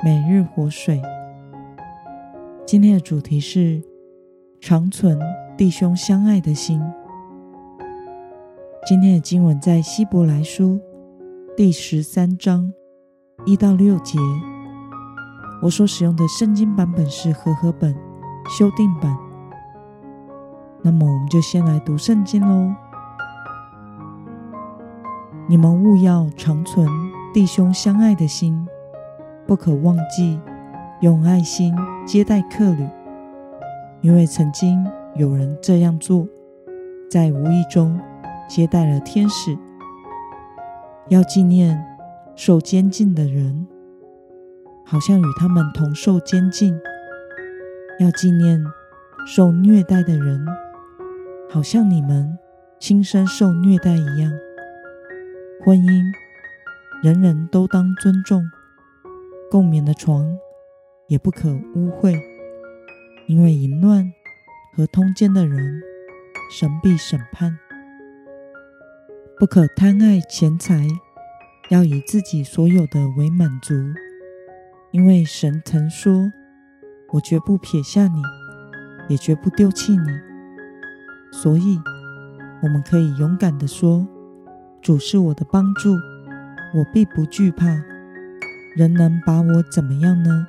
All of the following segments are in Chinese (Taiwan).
每日活水，今天的主題是長存弟兄相愛的心。今天的經文在希伯來書第十三章一到六節。我所使用的聖經版本是和合本修訂版。那麼我們就先來讀聖經嘍。你們務要長存弟兄相愛的心。不可忘記用愛心接待客旅，因為曾經有人這樣做，在無意中接待了天使。要紀念受監禁的人，好像與他們同受監禁；要紀念受虐待的人，好像你們親身受虐待一樣。婚姻，人人都當尊重。共眠的床也不可污穢，因為淫亂和通姦的人，神必審判。不可貪愛錢財，要以自己所有的為滿足，因為神曾說：“我絕不撇下你，也絕不丟棄你。”所以，我們可以勇敢地說：“主是我的幫助，我必不懼怕。”人能把我怎麼樣呢？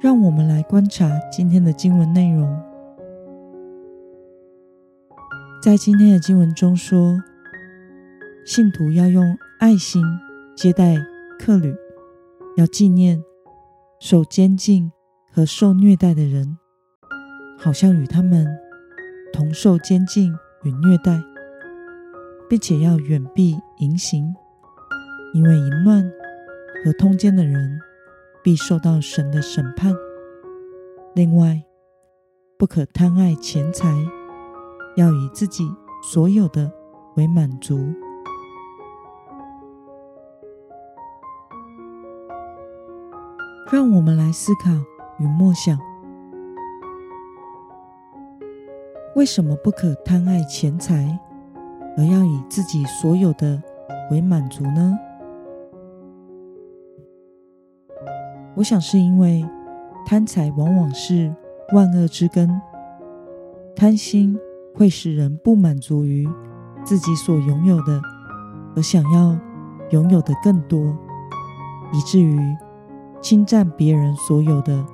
讓我們來觀察今天的經文內容。在今天的經文中說，信徒要用愛心接待客旅，要紀念受監禁和受虐待的人，好像與他們同受監禁與虐待。並且要遠避淫行，因為淫亂和通姦的人必受到神的審判。另外，不可貪愛錢財，要以自己所有的為滿足。讓我們來思考與默想。為什麼不可貪愛錢財？而要以自己所有的為滿足呢？我想是因為貪財往往是萬惡之根，貪心會使人不滿足於自己所擁有的，而想要擁有的更多，以至於侵占別人所有的，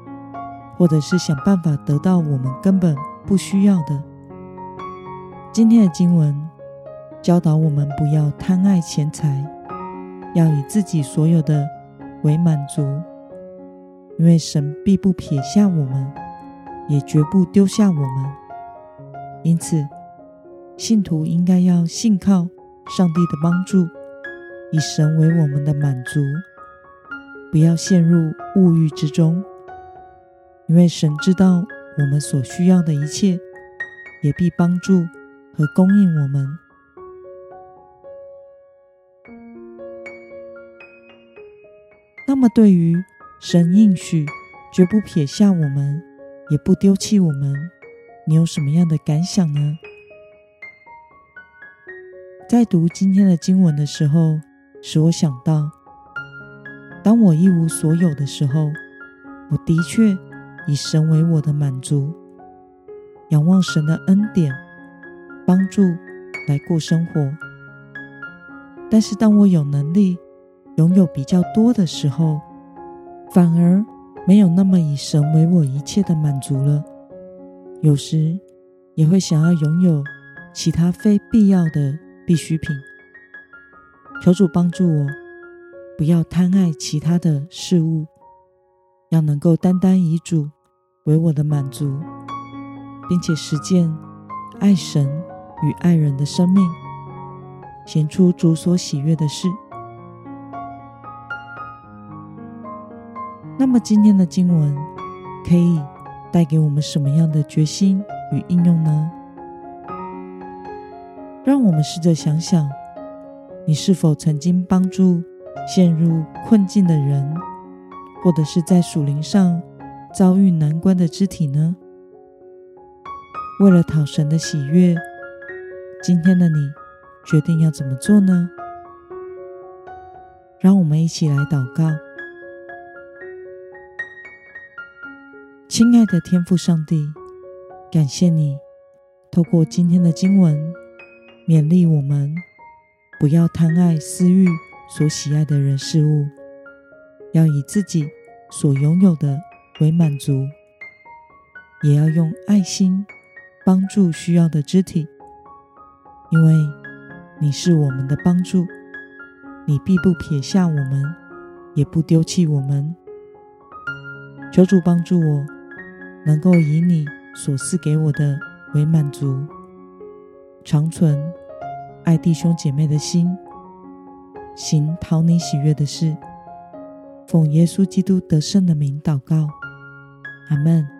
或者是想辦法得到我們根本不需要的。今天的經文。教導我們不要貪愛錢財，要以自己所有的為滿足，因為神必不撇下我們，也絕不丟下我們。因此，信徒應該要信靠上帝的幫助，以神為我們的滿足，不要陷入物欲之中。因為神知道我們所需要的一切，也必幫助和供應我們。那麼，對於神應許絕不撇下我們，也不丟棄我們，你有什麼樣的感想呢？在讀今天的經文的時候，使我想到，當我一無所有的時候，我的確以神為我的滿足，仰望神的恩典幫助來過生活。但是，當我有能力，擁有比較多的時候，反而沒有那麼以神為我一切的滿足了。有時也會想要擁有其他非必要的必需品。求主幫助我，不要貪愛其他的事物，要能夠單單以主為我的滿足，並且實踐愛神與愛人的生命，顯出主所喜悅的事。那麼今天的經文可以帶給我們什麼樣的決心與應用呢？讓我們試着想想，你是否曾經幫助陷入困境的人，或者是，在屬靈上遭遇難關的肢體呢？為了討神的喜悅，今天的你決定要怎麼做呢？讓我們一起來禱告。親愛的天父上帝，感謝你透過今天的經文勉勵我們，不要貪愛私慾所喜愛的人事物，要以自己所擁有的為滿足，也要用愛心幫助需要的肢體，因為你是我們的幫助，你必不撇下我們，也不丟棄我們。求主幫助我，能夠以你所賜給我的為滿足，長存愛弟兄姐妹的心，行討你喜悅的事，奉耶穌基督得勝的名禱告，阿門。